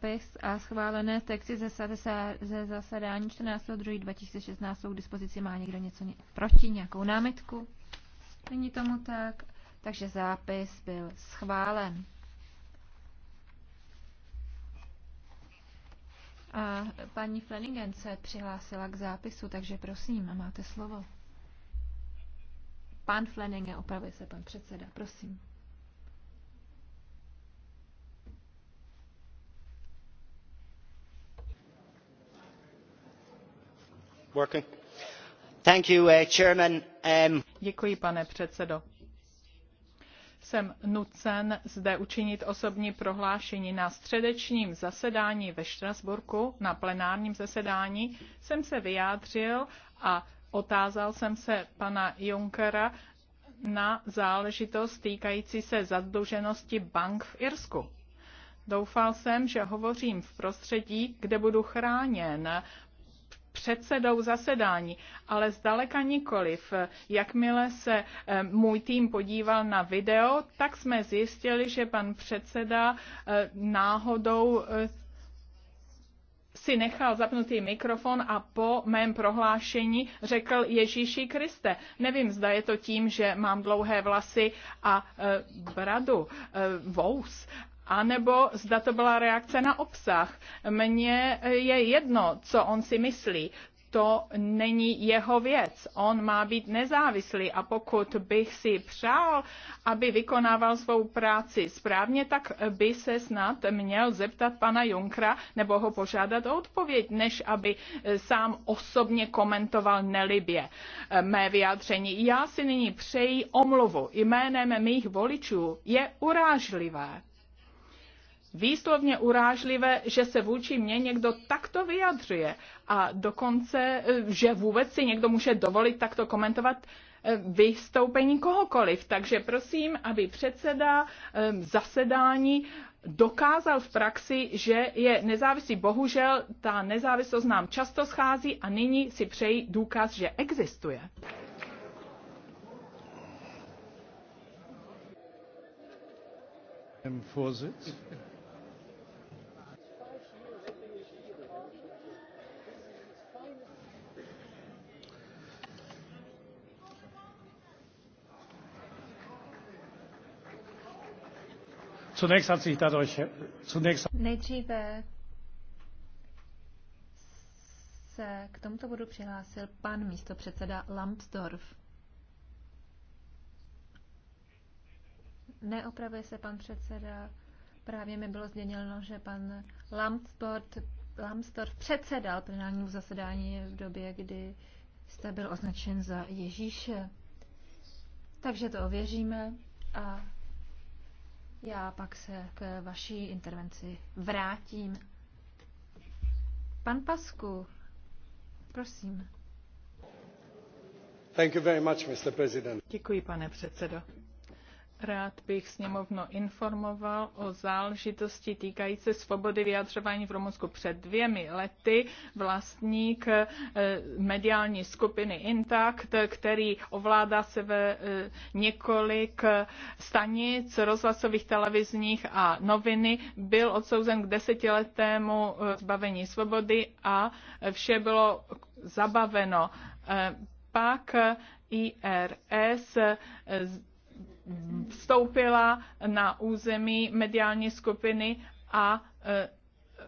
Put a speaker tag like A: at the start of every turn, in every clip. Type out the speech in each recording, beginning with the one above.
A: Zápis a schválené texty ze, ze zasedání 14.2.2016 jsou k dispozici. Má někdo něco proti, nějakou námitku? Není tomu tak, takže zápis byl schválen. A paní Flanagan se přihlásila k zápisu, takže prosím, máte slovo. Pan Flanagan, opravuje se pan předseda, prosím. Uh,
B: um, pane předsedo jsem nucen zde učinit osobní prohlášení. Na středečním zasedání ve Štrasburku, na plenárním zasedání, jsem se vyjádřil a otázal jsem se pana Junckera na záležitost týkající se zadluženosti bank v Irsku. Doufal jsem, že hovořím v prostředí, kde budu chráněn předsedou zasedání, ale zdaleka nikoliv. Jakmile se eh, můj tým podíval na video, tak jsme zjistili, že pan předseda eh, náhodou eh, si nechal zapnutý mikrofon a po mém prohlášení řekl Ježíši Kriste. Nevím, zda je to tím, že mám dlouhé vlasy a e, bradu, e, vous, a nebo zda to byla reakce na obsah. Mně je jedno, co on si myslí to není jeho věc. On má být nezávislý a pokud bych si přál, aby vykonával svou práci správně, tak by se snad měl zeptat pana Junkra nebo ho požádat o odpověď, než aby sám osobně komentoval nelibě mé vyjádření. Já si nyní přeji omluvu jménem mých voličů. Je urážlivé výslovně urážlivé, že se vůči mně někdo takto vyjadřuje a dokonce, eh, že vůbec si někdo může dovolit takto komentovat eh, vystoupení kohokoliv. Takže prosím, aby předseda eh, zasedání dokázal v praxi, že je nezávislý. Bohužel ta nezávislost nám často schází a nyní si přeji důkaz, že existuje.
A: Vorsitz. Zunächst hat sich dadurch, zunächst... Nejdříve se k tomuto bodu přihlásil pan místopředseda Lambsdorff. Neopravuje se pan předseda. Právě mi bylo změněno, že pan Lambsdorff, Lambsdorff předsedal plenárnímu zasedání v době, kdy jste byl označen za Ježíše. Takže to ověříme a já pak se k vaší intervenci vrátím. Pan Pasku, prosím. Thank you very much, Mr. President.
B: Děkuji, pane předsedo Rád bych sněmovno informoval o záležitosti týkající svobody vyjadřování v Rumunsku. Před dvěmi lety vlastník eh, mediální skupiny Intact, který ovládá se ve eh, několik eh, stanic rozhlasových, televizních a noviny, byl odsouzen k desetiletému zbavení svobody a vše bylo zabaveno. Pak IRS vstoupila na území mediální skupiny a e,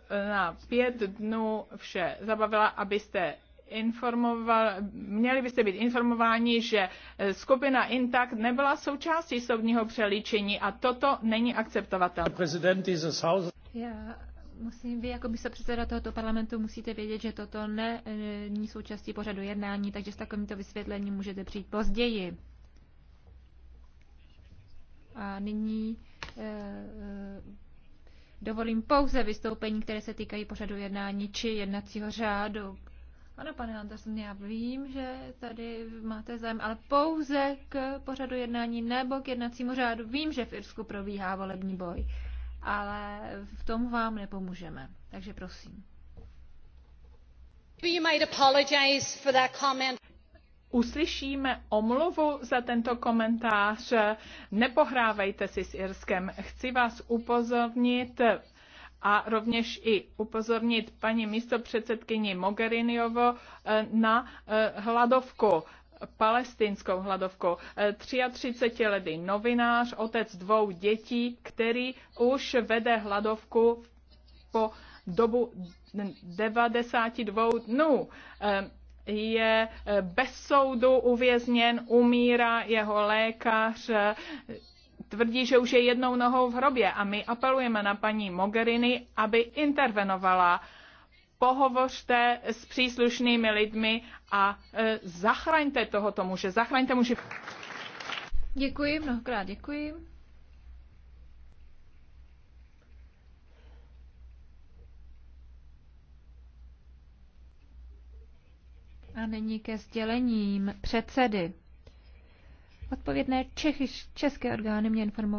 B: e, na pět dnů vše zabavila, abyste informoval, měli byste být informováni, že e, skupina Intact nebyla součástí soudního přelíčení a toto není akceptovatelné.
A: Já musím, vy jako byste předseda tohoto parlamentu musíte vědět, že toto není součástí pořadu jednání, takže s takovýmto vysvětlením můžete přijít později. A nyní eh, eh, dovolím pouze vystoupení, které se týkají pořadu jednání či jednacího řádu. Ano, pane Anderson, já vím, že tady máte zájem, ale pouze k pořadu jednání nebo k jednacímu řádu. Vím, že v Irsku probíhá volební boj, ale v tom vám nepomůžeme. Takže prosím
B: uslyšíme omluvu za tento komentář. Nepohrávejte si s Irskem. Chci vás upozornit a rovněž i upozornit paní místopředsedkyni Mogheriniovo eh, na eh, hladovku palestinskou hladovku. 33-letý novinář, otec dvou dětí, který už vede hladovku po dobu 92 dnů. Eh, je eh, bez soudu uvězněn, umírá jeho lékař, eh, tvrdí, že už je jednou nohou v hrobě a my apelujeme na paní Mogherini, aby intervenovala. Pohovořte s příslušnými lidmi a e, zachraňte tohoto muže, zachraňte muže.
A: Děkuji, mnohokrát děkuji. A nyní ke sdělením předsedy. Odpovědné Čechy, české orgány mě informovaly,